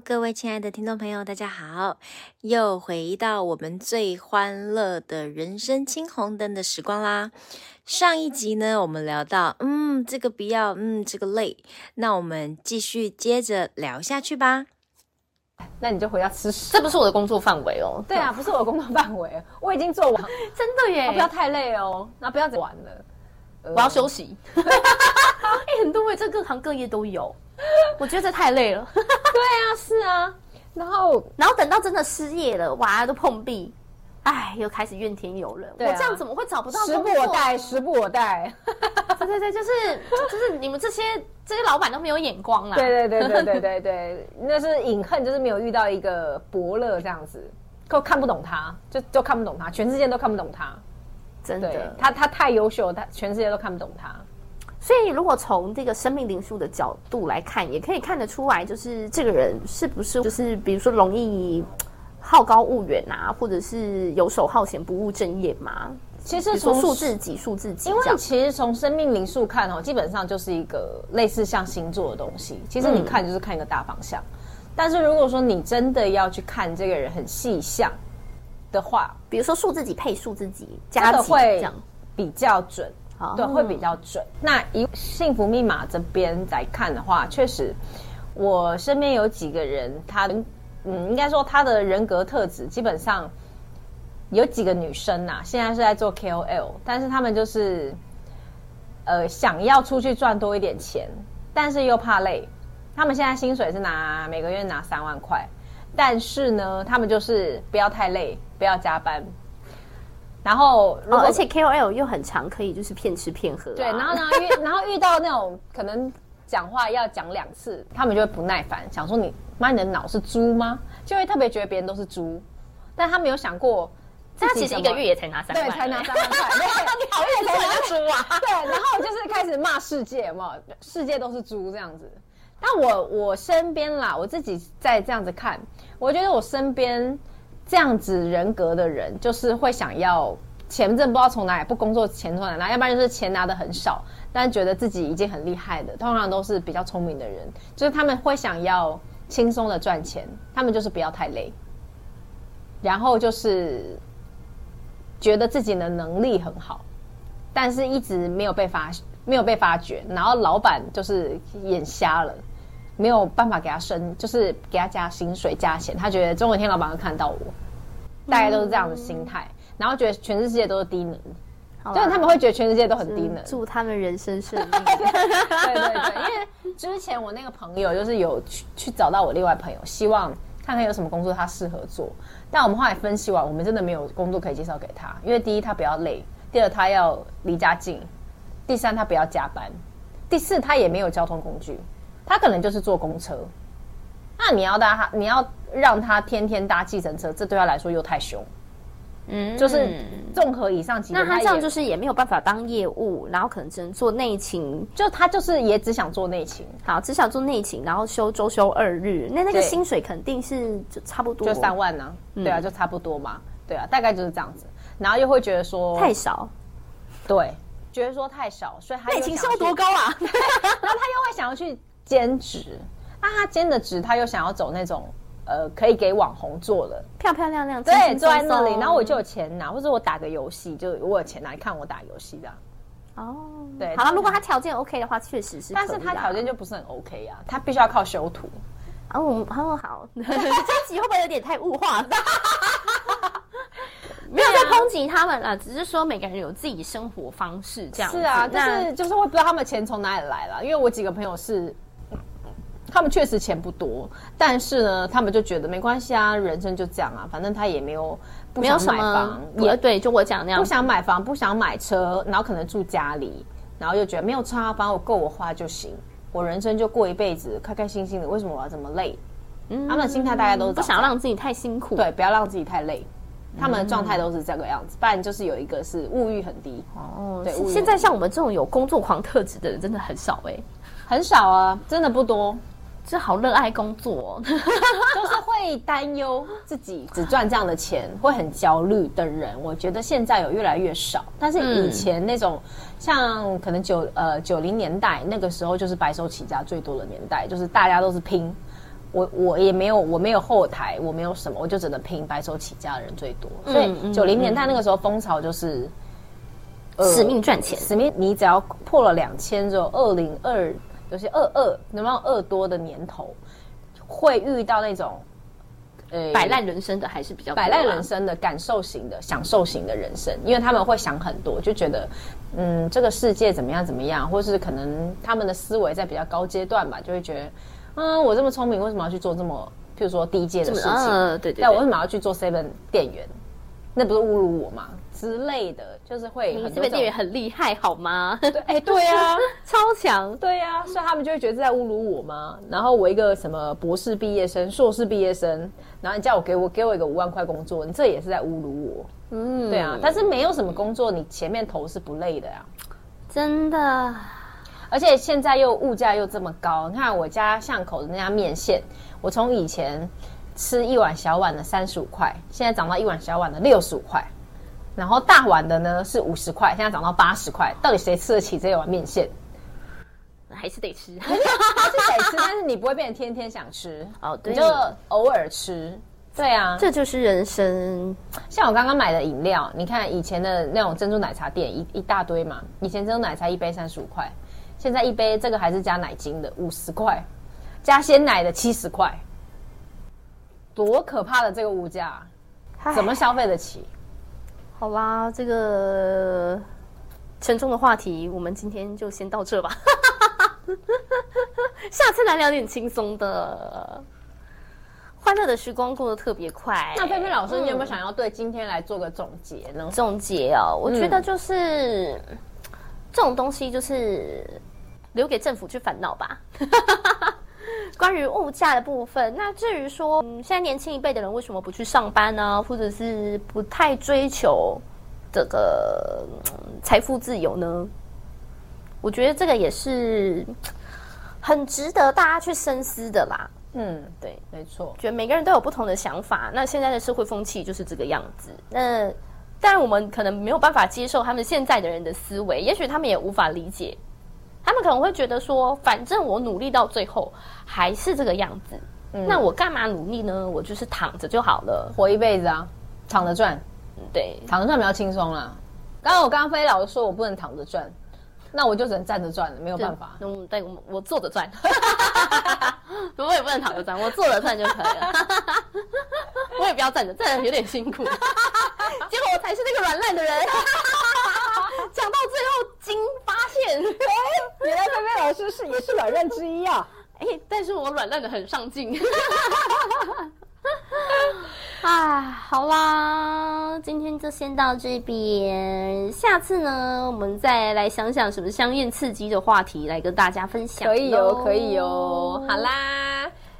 各位親愛的聽眾朋友，大家好，又回到我們最歡樂的人生青紅燈的時光啦。上一集呢，我們聊到，嗯，這個不要，嗯，這個累。那我們繼續接着聊下去吧。那你就回家吃屎，這不是我的工作範圍哦。對啊，不是我的工作範圍，我已經做完， 真的耶、哦。不要太累哦，那不要再玩了，我要休息。 欸、很多位這各行各業都有。 我覺得這太累了。 對啊，是啊。然後，然後等到真的失業了，哇，都碰壁，哎，又開始怨天尤人。啊、我這樣怎麼會找不到工作？時不我待，時不我待。 對對對，就是就是你們這些 這些老闆都沒有眼光啦。對對對對對對對， 那是隱恨，就是沒有遇到一個伯樂這樣子，都看不懂他，就就看不懂他，全世界都看不懂他。真的，他他太優秀，他全世界都看不懂他。所以，如果從這個生命靈數的角度來看，也可以看得出來，就是這個人是不是就是比如說容易好高騖遠啊，或者是游手好閒、不務正業嘛？其實從數字幾數字幾，因為其實從生命靈數看哦，基本上就是一個類似像星座的東西。其實你看就是看一個大方向，嗯，但是如果說你真的要去看這個人很細項的話，比如說數字幾配數字幾加的會這樣比較準。嗯、對，會比較準。那以幸福密碼這邊來看的話，確實，我身邊有幾個人，他嗯，應該說他的人格特質，基本上有幾個女生吶、啊，現在是在做 KOL，但是他們就是呃，想要出去賺多一點錢，但是又怕累。他們現在薪水是拿每個月拿三萬塊，但是呢，他們就是不要太累，不要加班。然後、哦，而且 K O L 又很常可以就是騙吃騙喝啊。對，然後呢， 遇然後遇到那種可能講話要講兩次，他們就會不耐煩，想說你媽你的腦是豬嗎？就會特別覺得別人都是豬，但他沒有想過，他其實一個月也才拿三萬，對，才拿三萬塊，然後讓你好意思講豬啊？對，然後就是開始罵世界嘛，世界都是豬這樣子。但我我身邊啦，我自己在這樣子看，我覺得我身邊。這樣子人格的人，就是會想要錢，掙不知道從哪裡，不工作，錢從哪裡拿，要不然就是錢拿得很少，但覺得自己已經很厲害的，通常都是比較聰明的人，就是他們會想要輕鬆的賺錢，他們就是不要太累，然後就是覺得自己的能力很好，但是一直沒有被發，沒有被發掘，然後老闆就是眼瞎了。沒有辦法給他升，就是給他加薪水加錢，他覺得總有一天老闆會看到我。大家都是這樣的心態，嗯、然後覺得全世界都是低能，啦就是他們會覺得全世界都很低能。祝他們人生順利。 對對對，因為之前我那個朋友就是有去，去找到我另外的朋友，希望看看有什麼工作他適合做，但我們後來分析完，我們真的沒有工作可以介紹給他，因為第一他不要累，第二他要離家近，第三他不要加班，第四他也沒有交通工具。他可能就是坐公車，那你要搭他，你要讓他天天搭計程車，這對他來說又太凶。嗯，就是綜合以上，那他這樣就是也沒有辦法當業務，然後可能只能做內勤，就他就是也只想做內勤，好，只想做內勤，然後休周休二日，那那個薪水肯定是就差不多，就三萬吶、啊？對啊，嗯、就差不多嘛，對啊，大概就是這樣子，然後又會覺得說太少，對，覺得說太少，所以他內勤收多高啊？ 然後他又會想要去。兼職，那他兼的職，他又想要走那種，呃，可以給網紅做的，漂漂亮亮，對，坐在那裡，然後我就有錢拿，或者我打個遊戲，就我有錢拿，看我打遊戲的。哦，對，好了，如果他條件 OK 的話，確實是，但是他條件就不是很 OK 呀，他必須要靠修圖。啊，我們很好，兼職會不會有點太物化？沒有在抨擊他們啊，只是說每個人有自己生活方式這樣。是啊，但是就是會不知道他們錢從哪裡來了，因為我幾個朋友是。他們確實錢不多，但是呢，他們就覺得沒關係啊，人生就這樣啊，反正他也沒有不想買房，沒有什麼。怪也對，就我講那樣，不想買房，不想買車，然後可能住家裡，然後又覺得沒有差，房，我夠我花就行，嗯、我人生就過一輩子，開開心心的。為什麼我要這麼累？嗯、他們心態大概都是不想讓自己太辛苦，對，不要讓自己太累。嗯、他們的狀態都是這個樣子，不然就是有一個是物欲很低哦。對，是現在像我們這種有工作狂特質的人真的很少哎、欸，很少啊，真的不多。是好熱愛工作，哦， 就是會擔憂自己 只賺這樣的錢會很焦慮的人。我覺得現在有越來越少，但是以前那種，嗯、像可能九呃九零年代那個時候就是白手起家最多的年代，就是大家都是拼。我我也沒有我沒有後台，我沒有什麼，我就只能拼。白手起家的人最多，嗯，所以九零年代那個時候風潮就是、嗯呃，使命賺錢，使命你只要破了兩千之後，二零二。有些二二，能不能二多的年頭，會遇到那種，呃、欸，擺爛人生的還是比較擺爛、啊、人生的感受型的、享受型的人生，因為他們會想很多，就覺得，嗯，這個世界怎麼樣怎麼樣，或是可能他們的思維在比較高階段吧，就會覺得，啊、呃，我這麼聰明，為什麼要去做這麼，譬如說低階的事情？呃、對，對，對對。但我為什麼要去做 seven 店員？那不是侮辱我嗎？之類的，就是會這邊店員很厲害，好嗎？對，哎、欸，對啊， 超強強，對啊，所以他們就會覺得是在侮辱我嗎？然後我一個什麼博士畢業生、碩士畢業生，然後你叫我給我給我一個五萬塊工作，你這也是在侮辱我？嗯，對啊，但是沒有什麼工作，你前面頭是不累的呀、啊，真的。而且現在又物價又這麼高，你看我家巷口的那家麵線，我從以前。吃一碗小碗的三十五塊，現在漲到一碗小碗的六十五塊，然後大碗的呢是五十塊，現在漲到八十塊。到底誰吃得起這碗麵線？還是， 還是得吃，還是得吃，但是你不會變得天天想吃，哦，對，你就偶爾吃，對啊，這，這就是人生。像我剛剛買的飲料，你看以前的那種珍珠奶茶店一一大堆嘛，以前珍珠奶茶一杯三十五塊，現在一杯這個還是加奶精的五十塊，加鮮奶的七十塊。多可怕的這個物價，唉怎麼消費得起？好啦，這個沉重的話題，我們今天就先到這吧。 下次來聊點輕鬆的，呃、歡樂的時光過得特別快、欸。那佩佩老師，你有沒有想要對今天來做個總結呢？總、嗯、結哦，我覺得就是、嗯、這種東西，就是留給政府去煩惱吧。 關於物價的部分，那至於說，嗯，現在年輕一輩的人為什麼不去上班呢、啊？或者是不太追求這個、嗯、財富自由呢？我覺得這個也是很值得大家去深思的啦。嗯，對，沒錯，覺得每個人都有不同的想法。那現在的社會風氣就是這個樣子。那但我們可能沒有辦法接受他們現在的人的思維，也許他們也無法理解。他們可能會覺得說，反正我努力到最後還是這個樣子，嗯、那我幹嘛努力呢？我就是躺着就好了，活一輩子啊，躺着賺、嗯。對，躺着賺比較輕鬆啦、啊。剛剛我剛剛飛老師說，我不能躺着賺，那我就只能站着賺了，沒有辦法。對、嗯、對，我、我坐着賺， 我也不能躺着賺，我坐着賺就可以了。 我也不要站着，站着有點辛苦。 結果我才是那個軟爛的人。 這是軟爛之一啊！哎、欸，但是我軟爛的很上鏡， 啊，好啦，今天就先到這邊。下次呢，我們再來想想什麼香豔刺激的話題來跟大家分享，可以哦，可以哦，好啦。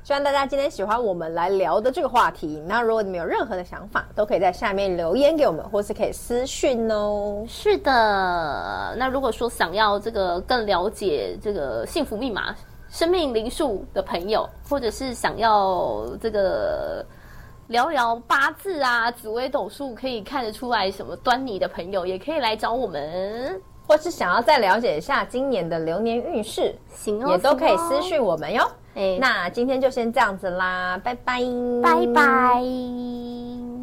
希望大家今天喜歡我們來聊的這個話題。那如果你們有任何的想法，都可以在下面留言給我們，或是可以私訊哦。是的，那如果說想要這個更了解這個幸福密碼、生命靈數的朋友，或者是想要這個聊聊八字啊、紫微斗數可以看得出來什麼端倪的朋友，也可以來找我們。或是想要再了解一下今年的流年運勢，行哦，也都可以私訊我們喲。欸，那今天就先這樣子啦，拜拜，拜拜。